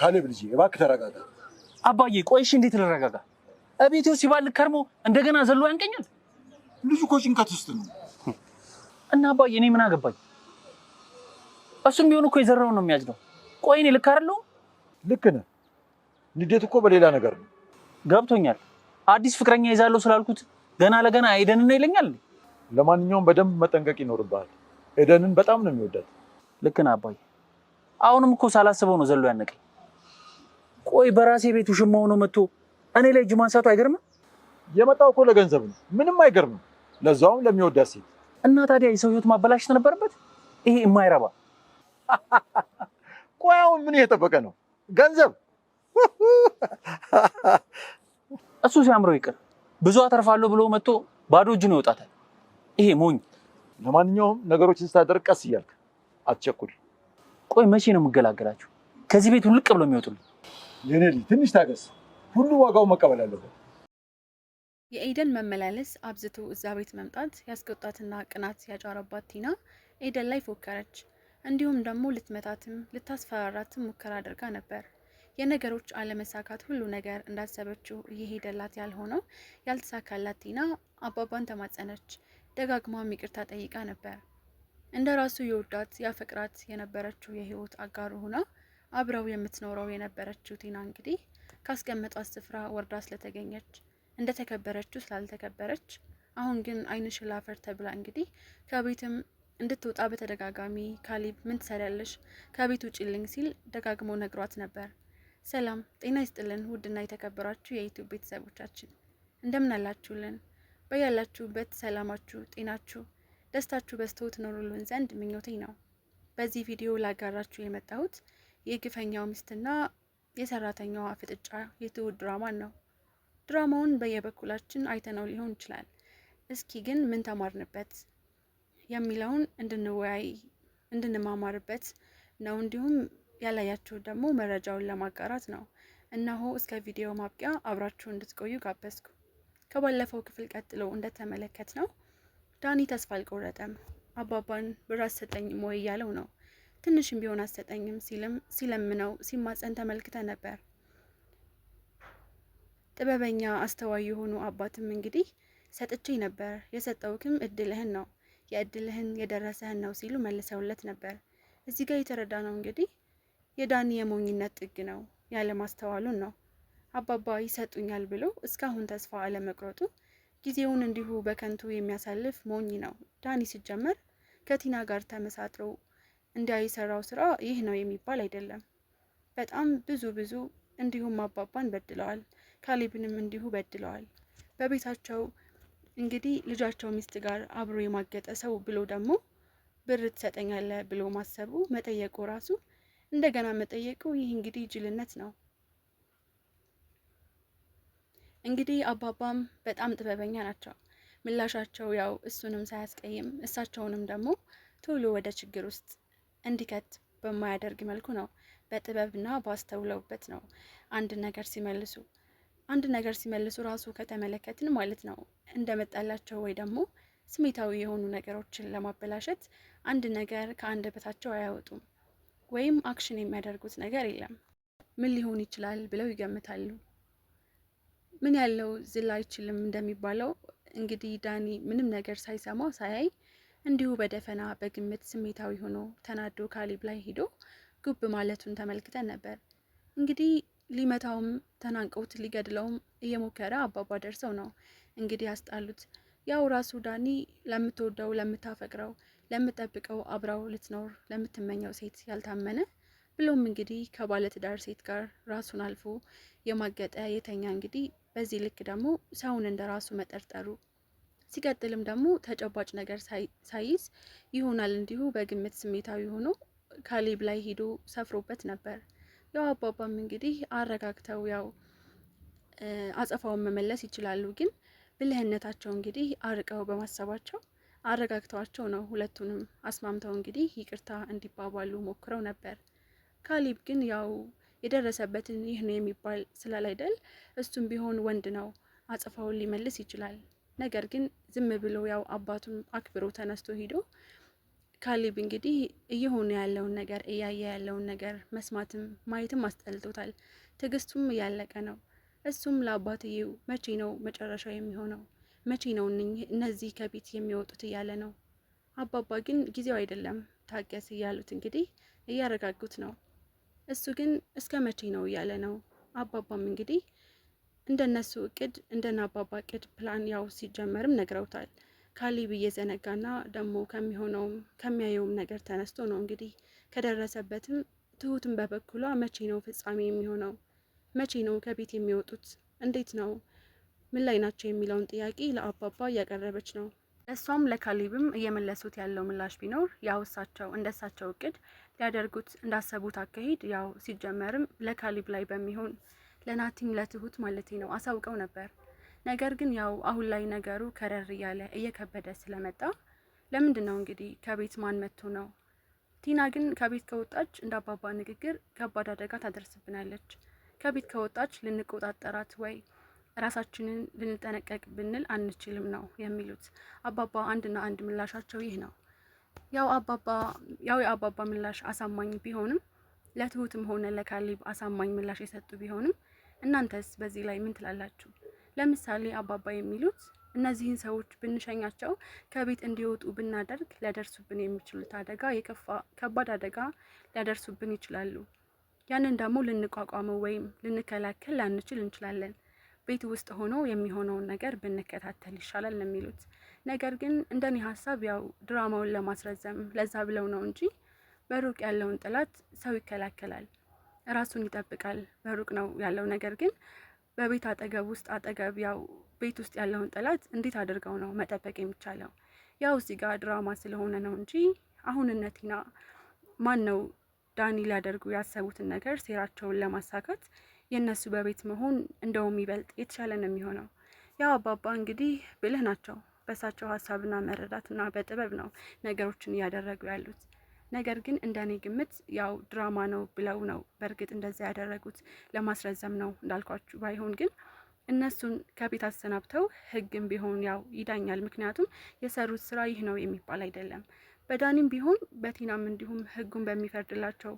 ካሌብ ልጄ እባክህ ተረጋጋ። አባዬ ቆይሽ፣ እንዴት ልረጋጋ? እቤቴ ሲባል ከርሞ እንደገና ዘሎ ያንቀኛል። ልጁ እኮ ጭንቀት ውስጥ ነው። እና አባዬ እኔ ምን አገባኝ? እሱም ቢሆን እኮ የዘራውን ነው የሚያጭደው። ቆይ እኔ ልክ አይደለሁም? ልክ ነህ። ንዴት እኮ በሌላ ነገር ነው። ገብቶኛል። አዲስ ፍቅረኛ ይዛለሁ ስላልኩት ገና ለገና ነው ይለኛል። ለማንኛውም በደንብ መጠንቀቅ ይኖርብሃል። ኤደንን በጣም ነው የሚወዳት። ልክ ነህ አባዬ። አሁንም እኮ ሳላስበው ነው ዘሎ ያነቀኝ። ቆይ በራሴ ቤት ውሽማ ሆኖ መጥቶ እኔ ላይ እጅ ማንሳቱ አይገርምም? የመጣው እኮ ለገንዘብ ነው። ምንም አይገርምም። ለዛውም ለሚወዳት ሴት እና ታዲያ የሰው ህይወት ማበላሸት ነበረበት? ይሄ የማይረባ ቆያውን ምን እየጠበቀ ነው? ገንዘብ እሱ ሲያምረው ይቅር፣ ብዙ አተርፋለሁ ብሎ መጥቶ ባዶ እጅ ነው ይወጣታል። ይሄ ሞኝ። ለማንኛውም ነገሮችን ስታደርግ ቀስ እያልክ አትቸኩል። ቆይ መቼ ነው የምገላገላችሁ ከዚህ ቤት ውልቅ ብሎ የሚወጡልኝ? የኔ ልጅ ትንሽ ታገስ። ሁሉ ዋጋው መቀበል አለበት። የኤደን መመላለስ አብዝቶ እዛ ቤት መምጣት ያስቆጣትና ቅናት ያጫረባት ቲና ኤደን ላይ ፎከረች። እንዲሁም ደግሞ ልትመታትም ልታስፈራራትም ሙከራ አድርጋ ነበር። የነገሮች አለመሳካት ሁሉ ነገር እንዳሰበችው እየሄደላት ያልሆነው ያልተሳካላት ቲና አባባን ተማጸነች። ደጋግማ ይቅርታ ጠይቃ ነበር። እንደ ራሱ የወዳት ያፈቅራት የነበረችው የህይወት አጋሩ ሆና አብረው የምትኖረው የነበረችው ቲና እንግዲህ ካስቀመጧት ስፍራ ወርዳ ስለተገኘች እንደተከበረችው ስላልተከበረች አሁን ግን አይንሽ ላፈር ተብላ እንግዲህ ከቤትም እንድትወጣ በተደጋጋሚ ካሊብ ምን ትሰሪያለሽ? ከቤት ውጭልኝ ሲል ደጋግሞ ነግሯት ነበር። ሰላም ጤና ይስጥልን ውድና የተከበራችሁ የዩትዩብ ቤተሰቦቻችን እንደምን አላችሁልን? በያላችሁበት ሰላማችሁ፣ ጤናችሁ፣ ደስታችሁ በስተው ትኖሩልን ዘንድ ምኞቴ ነው። በዚህ ቪዲዮ ላጋራችሁ የመጣሁት የግፈኛው ሚስትና የሰራተኛዋ ፍጥጫ የትውት ድራማን ነው። ድራማውን በየበኩላችን አይተነው ሊሆን ይችላል። እስኪ ግን ምን ተማርንበት የሚለውን እንድንወያይ እንድንማማርበት ነው። እንዲሁም ያላያችሁት ደግሞ መረጃውን ለማጋራት ነው። እነሆ እስከ ቪዲዮ ማብቂያ አብራችሁ እንድትቆዩ ጋበዝኩ። ከባለፈው ክፍል ቀጥሎ እንደተመለከት ነው ዳኒ ተስፋ አልቆረጠም። አባባን ብር አትሰጠኝም ወይ እያለው ነው። ትንሽም ቢሆን አሰጠኝም ሲልም ሲለምነው ሲማጸን ተመልክተ ነበር። ጥበበኛ አስተዋይ የሆኑ አባትም እንግዲህ ሰጥቼ ነበር የሰጠውክም እድልህን ነው የእድልህን የደረሰህን ነው ሲሉ መልሰውለት ነበር። እዚህ ጋር የተረዳ ነው እንግዲህ የዳኒ የሞኝነት ጥግ ነው ያለማስተዋሉን ነው። አባባ ይሰጡኛል ብሎ እስካሁን ተስፋ አለመቁረጡ ጊዜውን እንዲሁ በከንቱ የሚያሳልፍ ሞኝ ነው ዳኒ ሲጀመር ከቲና ጋር ተመሳጥሮ እንዲያ የሰራው ስራ ይህ ነው የሚባል አይደለም። በጣም ብዙ ብዙ እንዲሁም አባባን በድለዋል። ካሊብንም እንዲሁ በድለዋል። በቤታቸው እንግዲህ ልጃቸው ሚስት ጋር አብሮ የማገጠ ሰው ብሎ ደግሞ ብር ትሰጠኛለ ብሎ ማሰቡ መጠየቁ ራሱ እንደገና መጠየቁ ይህ እንግዲህ ጅልነት ነው። እንግዲህ አባባም በጣም ጥበበኛ ናቸው። ምላሻቸው ያው እሱንም ሳያስቀይም እሳቸውንም ደግሞ ቶሎ ወደ ችግር ውስጥ እንዲከት በማያደርግ መልኩ ነው። በጥበብና ባስተውለውበት ነው አንድ ነገር ሲመልሱ አንድ ነገር ሲመልሱ ራሱ ከተመለከትን ማለት ነው እንደመጣላቸው ወይ ደግሞ ስሜታዊ የሆኑ ነገሮችን ለማበላሸት አንድ ነገር ከአንደበታቸው አያወጡም፣ ወይም አክሽን የሚያደርጉት ነገር የለም። ምን ሊሆን ይችላል ብለው ይገምታሉ። ምን ያለው ዝል አይችልም እንደሚባለው እንግዲህ ዳኒ ምንም ነገር ሳይሰማ ሳያይ እንዲሁ በደፈና በግምት ስሜታዊ ሆኖ ተናዶ ካሊብ ላይ ሂዶ ጉብ ማለቱን ተመልክተን ነበር። እንግዲህ ሊመታውም ተናንቀውት ሊገድለውም እየሞከረ አባባ ደርሰው ነው እንግዲህ ያስጣሉት። ያው ራሱ ዳኒ ለምትወደው ለምታፈቅረው ለምጠብቀው አብራው ልትኖር ለምትመኘው ሴት ያልታመነ ብሎም እንግዲህ ከባለትዳር ሴት ጋር ራሱን አልፎ የማገጠ የተኛ እንግዲህ በዚህ ልክ ደግሞ ሰውን እንደ ራሱ መጠርጠሩ ሲቀጥልም ደግሞ ተጨባጭ ነገር ሳይዝ ይሆናል እንዲሁ በግምት ስሜታዊ ሆኖ ካሌብ ላይ ሄዶ ሰፍሮበት ነበር። ያው አባባም እንግዲህ አረጋግተው ያው አጸፋውን መመለስ ይችላሉ፣ ግን ብልህነታቸው እንግዲህ አርቀው በማሰባቸው አረጋግተዋቸው ነው ሁለቱንም አስማምተው እንግዲህ ይቅርታ እንዲባባሉ ሞክረው ነበር። ካሌብ ግን ያው የደረሰበትን ይህ ነው የሚባል ስላላይደል እሱም ቢሆን ወንድ ነው፣ አጸፋውን ሊመልስ ይችላል። ነገር ግን ዝም ብሎ ያው አባቱም አክብሮ ተነስቶ ሂዶ ካሌብ እንግዲህ እየሆነ ያለውን ነገር እያየ ያለውን ነገር መስማትም ማየትም አስጠልቶታል። ትዕግስቱም እያለቀ ነው። እሱም ለአባትየው መቼ ነው መጨረሻው የሚሆነው? መቼ ነው እነዚህ ከቤት የሚወጡት እያለ ነው። አባባ ግን ጊዜው አይደለም ታገስ እያሉት እንግዲህ እያረጋጉት ነው። እሱ ግን እስከ መቼ ነው እያለ ነው። አባባም እንግዲህ እንደነሱ እቅድ እንደነ አባባ እቅድ ፕላን ያው ሲጀመርም ነግረውታል። ካሊብ እየዘነጋና ደግሞ ከሚሆነውም ከሚያየውም ነገር ተነስቶ ነው እንግዲህ ከደረሰበትም። ትሁትም በበኩሏ መቼ ነው ፍጻሜ የሚሆነው? መቼ ነው ከቤት የሚወጡት? እንዴት ነው ምን ላይ ናቸው የሚለውን ጥያቄ ለአባባ እያቀረበች ነው። እሷም ለካሊብም እየመለሱት ያለው ምላሽ ቢኖር ያው እሳቸው እንደሳቸው እቅድ ሊያደርጉት እንዳሰቡት አካሄድ ያው ሲጀመርም ለካሊብ ላይ በሚሆን ለናቲም ለትሁት ማለቴ ነው አሳውቀው ነበር። ነገር ግን ያው አሁን ላይ ነገሩ ከረር እያለ እየከበደ ስለመጣ ለምንድን ነው እንግዲህ ከቤት ማን መጥቶ ነው? ቲና ግን ከቤት ከወጣች እንደ አባባ ንግግር ከባድ አደጋ ታደርስብናለች። ከቤት ከወጣች ልንቆጣጠራት ወይ ራሳችንን ልንጠነቀቅ ብንል አንችልም ነው የሚሉት አባባ። አንድና አንድ ምላሻቸው ይህ ነው። ያው አባባ ያው የአባባ ምላሽ አሳማኝ ቢሆንም ለትሁትም ሆነ ለካሊብ አሳማኝ ምላሽ የሰጡ ቢሆንም እናንተስ በዚህ ላይ ምን ትላላችሁ? ለምሳሌ አባባ የሚሉት እነዚህን ሰዎች ብንሸኛቸው ከቤት እንዲወጡ ብናደርግ ሊያደርሱብን የሚችሉት አደጋ የከፋ ከባድ አደጋ ሊያደርሱብን ይችላሉ። ያንን ደግሞ ልንቋቋመው ወይም ልንከላከል ላንችል እንችላለን። ቤት ውስጥ ሆኖ የሚሆነውን ነገር ብንከታተል ይሻላል ነው የሚሉት። ነገር ግን እንደኔ ሀሳብ ያው ድራማውን ለማስረዘም ለዛ ብለው ነው እንጂ በሩቅ ያለውን ጠላት ሰው ይከላከላል። ራሱን ይጠብቃል። በሩቅ ነው ያለው ነገር ግን በቤት አጠገብ ውስጥ አጠገብ ያው ቤት ውስጥ ያለውን ጠላት እንዴት አድርገው ነው መጠበቅ የሚቻለው? ያው እዚህ ጋር ድራማ ስለሆነ ነው እንጂ አሁን እነ ቲና ማን ነው ዳኒ ሊያደርጉ ያሰቡትን ነገር ሴራቸውን ለማሳካት የእነሱ በቤት መሆን እንደውም ይበልጥ የተሻለ ነው የሚሆነው። ያው አባባ እንግዲህ ብልህ ናቸው። በእሳቸው ሀሳብና መረዳትና በጥበብ ነው ነገሮችን እያደረጉ ያሉት። ነገር ግን እንደኔ ግምት ያው ድራማ ነው ብለው ነው በእርግጥ እንደዚያ ያደረጉት ለማስረዘም ነው እንዳልኳችሁ። ባይሆን ግን እነሱን ከቤት አሰናብተው ህግም ቢሆን ያው ይዳኛል። ምክንያቱም የሰሩት ስራ ይህ ነው የሚባል አይደለም። በዳኒም ቢሆን በቲናም እንዲሁም ህጉን በሚፈርድላቸው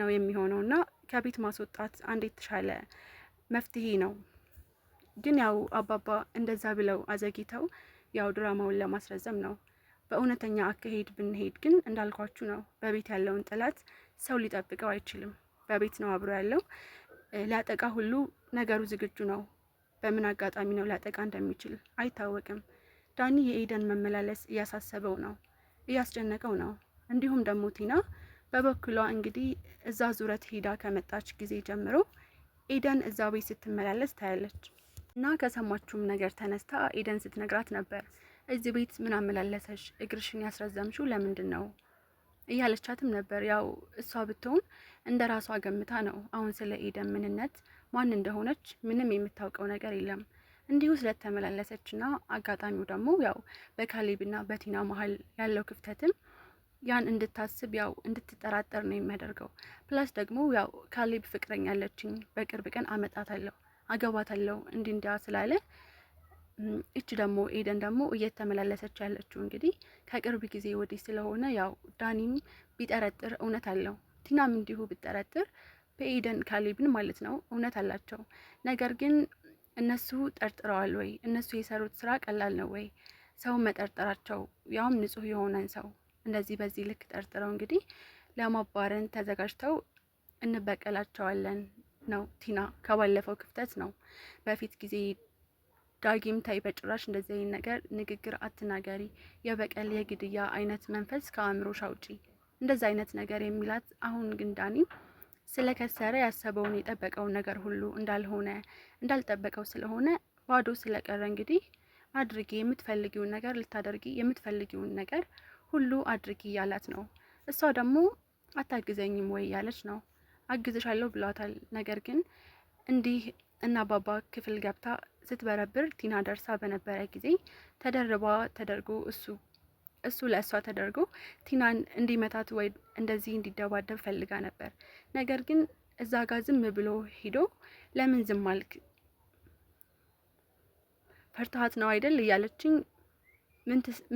ነው የሚሆነው እና ከቤት ማስወጣት አንድ የተሻለ መፍትሄ ነው። ግን ያው አባባ እንደዛ ብለው አዘግይተው ያው ድራማውን ለማስረዘም ነው በእውነተኛ አካሄድ ብንሄድ ግን እንዳልኳችሁ ነው። በቤት ያለውን ጠላት ሰው ሊጠብቀው አይችልም። በቤት ነው አብሮ ያለው። ሊያጠቃ ሁሉ ነገሩ ዝግጁ ነው። በምን አጋጣሚ ነው ሊያጠቃ እንደሚችል አይታወቅም። ዳኒ የኤደን መመላለስ እያሳሰበው ነው፣ እያስጨነቀው ነው። እንዲሁም ደግሞ ቲና በበኩሏ እንግዲህ እዛ ዙረት ሄዳ ከመጣች ጊዜ ጀምሮ ኤደን እዛ ቤት ስትመላለስ ታያለች እና ከሰማችሁም ነገር ተነስታ ኤደን ስትነግራት ነበር እዚህ ቤት ምን አመላለሰሽ? እግርሽን ያስረዘምሽው ለምንድን ነው እያለቻትም ነበር። ያው እሷ ብትሆን እንደ ራሷ ገምታ ነው። አሁን ስለ ኢደን ምንነት ማን እንደሆነች ምንም የምታውቀው ነገር የለም። እንዲሁ ስለተመላለሰች ና አጋጣሚው ደግሞ ያው በካሊብና በቲና መሀል ያለው ክፍተትም ያን እንድታስብ ያው እንድትጠራጠር ነው የሚያደርገው። ፕላስ ደግሞ ያው ካሌብ ፍቅረኛ አለችኝ፣ በቅርብ ቀን አመጣታለሁ፣ አገባታለሁ እንዲህ እንዲያ ስላለ እች ደግሞ ኤደን ደግሞ እየተመላለሰች ያለችው እንግዲህ ከቅርብ ጊዜ ወዲህ ስለሆነ ያው ዳኒም ቢጠረጥር እውነት አለው፣ ቲናም እንዲሁ ብጠረጥር በኤደን ካሌብን ማለት ነው እውነት አላቸው። ነገር ግን እነሱ ጠርጥረዋል ወይ? እነሱ የሰሩት ስራ ቀላል ነው ወይ? ሰው መጠርጠራቸው ያውም ንጹህ የሆነን ሰው እንደዚህ በዚህ ልክ ጠርጥረው እንግዲህ ለማባረን ተዘጋጅተው እንበቀላቸዋለን ነው ቲና ከባለፈው ክፍተት ነው በፊት ጊዜ ዳጊም ታይ በጭራሽ እንደዚህ አይነት ነገር ንግግር አትናገሪ፣ የበቀል የግድያ አይነት መንፈስ ከአእምሮሽ አውጪ፣ እንደዚህ አይነት ነገር የሚላት አሁን ግን ዳኒ ስለከሰረ ያሰበውን የጠበቀውን ነገር ሁሉ እንዳልሆነ እንዳልጠበቀው ስለሆነ ባዶ ስለቀረ እንግዲህ አድርጊ የምትፈልጊውን ነገር ልታደርጊ የምትፈልጊውን ነገር ሁሉ አድርጊ እያላት ነው። እሷ ደግሞ አታግዘኝም ወይ እያለች ነው። አግዝሻለሁ ብሏታል። ነገር ግን እንዲህ እና ባባ ክፍል ገብታ ስትበረብር ቲና ደርሳ በነበረ ጊዜ ተደርባ ተደርጎ እሱ እሱ ለእሷ ተደርጎ ቲናን እንዲመታት ወይ እንደዚህ እንዲደባደብ ፈልጋ ነበር። ነገር ግን እዛ ጋር ዝም ብሎ ሄዶ ለምን ዝም አልክ? ፈርታሃት ነው አይደል እያለችኝ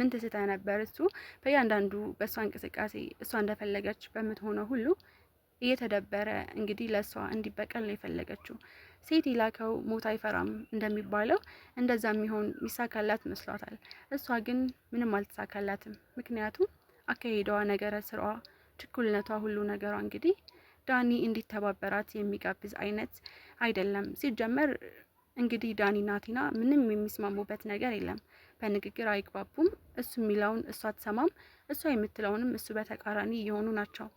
ምን ትስተ ነበር? እሱ በእያንዳንዱ በእሷ እንቅስቃሴ እሷ እንደፈለገች በምትሆነው ሁሉ እየተደበረ እንግዲህ ለእሷ እንዲበቀል ነው የፈለገችው። ሴት የላከው ሞት አይፈራም እንደሚባለው እንደዛ የሚሆን ሚሳካላት መስሏታል። እሷ ግን ምንም አልተሳካላትም። ምክንያቱም አካሄደዋ፣ ነገረ ስራዋ፣ ችኩልነቷ፣ ሁሉ ነገሯ እንግዲህ ዳኒ እንዲተባበራት የሚጋብዝ አይነት አይደለም። ሲጀመር እንግዲህ ዳኒና ቲና ምንም የሚስማሙበት ነገር የለም። በንግግር አይግባቡም። እሱ የሚለውን እሷ አትሰማም፣ እሷ የምትለውንም እሱ በተቃራኒ እየሆኑ ናቸው።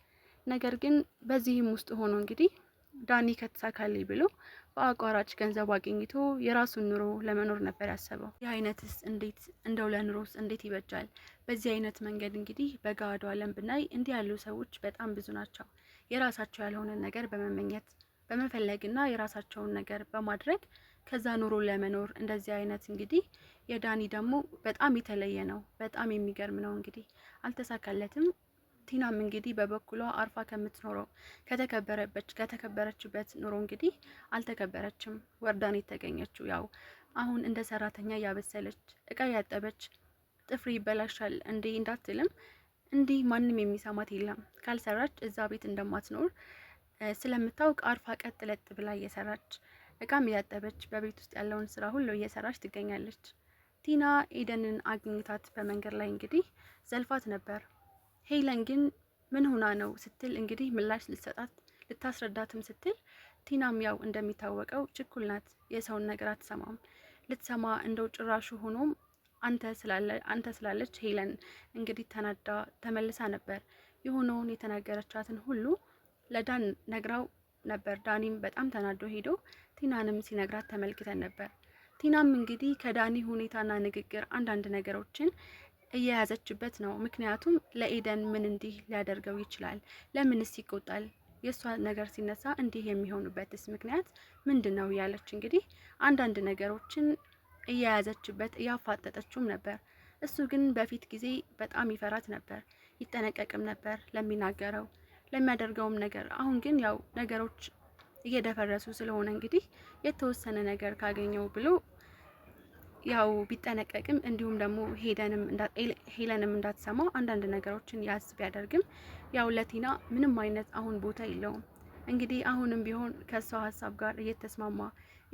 ነገር ግን በዚህም ውስጥ ሆኖ እንግዲህ ዳኒ ከተሳካልኝ ብሎ በአቋራጭ ገንዘብ አግኝቶ የራሱን ኑሮ ለመኖር ነበር ያሰበው። ይህ አይነትስ እንዴት እንደው ለኑሮስ እንዴት ይበጃል? በዚህ አይነት መንገድ እንግዲህ በገሃዱ ዓለም ብናይ እንዲህ ያሉ ሰዎች በጣም ብዙ ናቸው። የራሳቸው ያልሆነ ነገር በመመኘት በመፈለግና የራሳቸውን ነገር በማድረግ ከዛ ኑሮ ለመኖር እንደዚህ አይነት እንግዲህ የዳኒ ደግሞ በጣም የተለየ ነው። በጣም የሚገርም ነው። እንግዲህ አልተሳካለትም። ቲናም እንግዲህ በበኩሏ አርፋ ከምትኖረው ከተከበረበች ከተከበረችበት ኑሮ እንግዲህ አልተከበረችም። ወርዳን የተገኘችው ያው አሁን እንደ ሰራተኛ ያበሰለች እቃ ያጠበች፣ ጥፍሬ ይበላሻል እንዴ እንዳትልም እንዲህ ማንም የሚሰማት የለም። ካልሰራች እዛ ቤት እንደማትኖር ስለምታውቅ አርፋ ቀጥ ለጥ ብላ እየሰራች እቃም እያጠበች በቤት ውስጥ ያለውን ስራ ሁሉ እየሰራች ትገኛለች። ቲና ኤደንን አግኝታት በመንገድ ላይ እንግዲህ ዘልፋት ነበር። ሄለን ግን ምን ሆና ነው ስትል እንግዲህ ምላሽ ልትሰጣት ልታስረዳትም ስትል ቲናም ያው እንደሚታወቀው ችኩል ናት፣ የሰውን ነገር አትሰማም። ልትሰማ እንደው ጭራሹ ሆኖም አንተ ስላለች ሄለን እንግዲህ ተናዳ ተመልሳ ነበር። የሆነውን የተናገረቻትን ሁሉ ለዳን ነግራው ነበር። ዳኒም በጣም ተናዶ ሄዶ ቲናንም ሲነግራት ተመልክተን ነበር። ቲናም እንግዲህ ከዳኒ ሁኔታና ንግግር አንዳንድ ነገሮችን እየያዘችበት ነው። ምክንያቱም ለኢደን ምን እንዲህ ሊያደርገው ይችላል? ለምንስ ይቆጣል? የእሷ ነገር ሲነሳ እንዲህ የሚሆኑበትስ ምክንያት ምንድን ነው? እያለች እንግዲህ አንዳንድ ነገሮችን እየያዘችበት እያፋጠጠችውም ነበር። እሱ ግን በፊት ጊዜ በጣም ይፈራት ነበር፣ ይጠነቀቅም ነበር ለሚናገረው ለሚያደርገውም ነገር። አሁን ግን ያው ነገሮች እየደፈረሱ ስለሆነ እንግዲህ የተወሰነ ነገር ካገኘው ብሎ ያው ቢጠነቀቅም እንዲሁም ደግሞ ሄለንም እንዳትሰማ አንዳንድ ነገሮችን ያስ ቢያደርግም ያው ለቲና ምንም አይነት አሁን ቦታ የለውም። እንግዲህ አሁንም ቢሆን ከሷ ሀሳብ ጋር እየተስማማ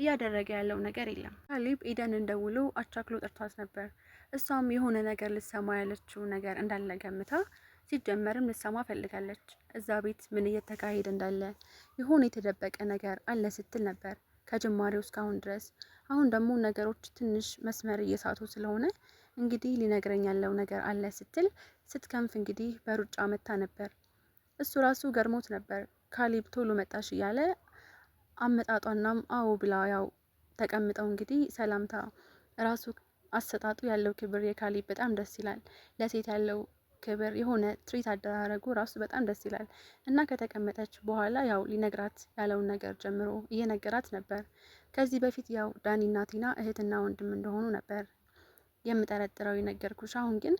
እያደረገ ያለው ነገር የለም። ካሌብ ኤደን እንደውሎ አቻክሎ ጠርቷት ነበር። እሷም የሆነ ነገር ልሰማ ያለችው ነገር እንዳለ ገምታ ሲጀመርም ልሰማ ፈልጋለች። እዛ ቤት ምን እየተካሄደ እንዳለ የሆነ የተደበቀ ነገር አለ ስትል ነበር ከጅማሬው እስካሁን ድረስ። አሁን ደግሞ ነገሮች ትንሽ መስመር እየሳቱ ስለሆነ እንግዲህ ሊነግረኝ ያለው ነገር አለ ስትል ስትከንፍ እንግዲህ በሩጫ መታ ነበር። እሱ ራሱ ገርሞት ነበር። ካሊብ ቶሎ መጣሽ እያለ አመጣጧናም አዎ ብላ ያው ተቀምጠው እንግዲህ ሰላምታ ራሱ አሰጣጡ ያለው ክብር የካሊብ በጣም ደስ ይላል። ለሴት ያለው ክብር የሆነ ትሪት አደራረጉ ራሱ በጣም ደስ ይላል። እና ከተቀመጠች በኋላ ያው ሊነግራት ያለውን ነገር ጀምሮ እየነገራት ነበር። ከዚህ በፊት ያው ዳኒና ቲና እህትና ወንድም እንደሆኑ ነበር የምጠረጥረው የነገርኩሽ። አሁን ግን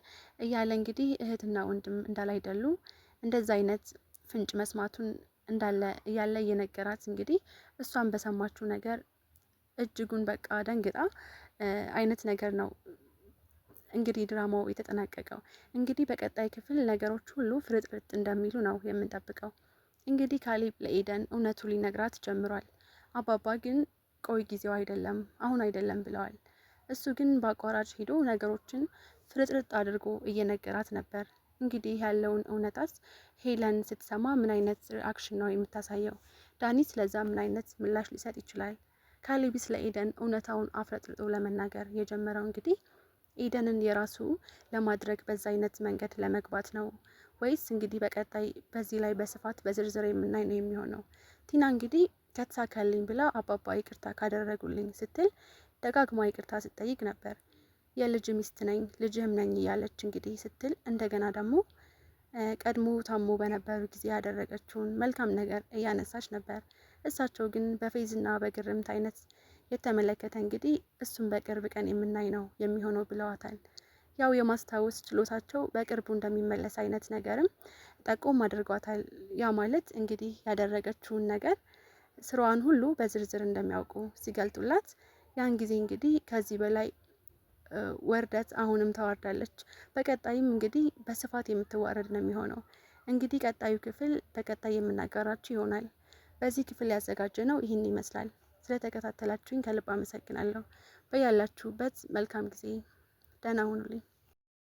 እያለ እንግዲህ እህትና ወንድም እንዳላይደሉ እንደዛ አይነት ፍንጭ መስማቱን እንዳለ እያለ እየነገራት እንግዲህ እሷን በሰማችው ነገር እጅጉን በቃ ደንግጣ አይነት ነገር ነው እንግዲህ ድራማው የተጠናቀቀው። እንግዲህ በቀጣይ ክፍል ነገሮች ሁሉ ፍርጥርጥ እንደሚሉ ነው የምንጠብቀው። እንግዲህ ካሌብ ለኤደን እውነቱ ሊነግራት ጀምሯል። አባባ ግን ቆይ ጊዜው አይደለም አሁን አይደለም ብለዋል። እሱ ግን በአቋራጭ ሄዶ ነገሮችን ፍርጥርጥ አድርጎ እየነገራት ነበር። እንግዲህ ያለውን እውነታስ ሄለን ስትሰማ ምን አይነት ሪአክሽን ነው የምታሳየው? ዳኒ ስለዛ ምን አይነት ምላሽ ሊሰጥ ይችላል? ካሌቢስ ለኤደን እውነታውን አፍረጥርጦ ለመናገር የጀመረው እንግዲህ ኢደንን የራሱ ለማድረግ በዛ አይነት መንገድ ለመግባት ነው ወይስ እንግዲህ በቀጣይ በዚህ ላይ በስፋት በዝርዝር የምናይ ነው የሚሆነው። ቲና እንግዲህ ከተሳካልኝ ብላ አባባ ይቅርታ ካደረጉልኝ ስትል ደጋግማ ይቅርታ ስትጠይቅ ነበር። የልጅ ሚስት ነኝ ልጅህም ነኝ እያለች እንግዲህ ስትል እንደገና ደግሞ ቀድሞ ታሞ በነበሩ ጊዜ ያደረገችውን መልካም ነገር እያነሳች ነበር። እሳቸው ግን በፌዝና በግርምት አይነት የተመለከተ እንግዲህ እሱም በቅርብ ቀን የምናይ ነው የሚሆነው ብለዋታል። ያው የማስታወስ ችሎታቸው በቅርቡ እንደሚመለስ አይነት ነገርም ጠቆም አድርጓታል። ያ ማለት እንግዲህ ያደረገችውን ነገር ስራዋን ሁሉ በዝርዝር እንደሚያውቁ ሲገልጡላት ያን ጊዜ እንግዲህ ከዚህ በላይ ወርደት አሁንም ተዋርዳለች። በቀጣይም እንግዲህ በስፋት የምትዋረድ ነው የሚሆነው። እንግዲህ ቀጣዩ ክፍል በቀጣይ የምናጋራችሁ ይሆናል። በዚህ ክፍል ያዘጋጀ ነው ይህን ይመስላል። ስለተከታተላችሁኝ ከልብ አመሰግናለሁ። በያላችሁበት መልካም ጊዜ ደህና ሁኑልኝ።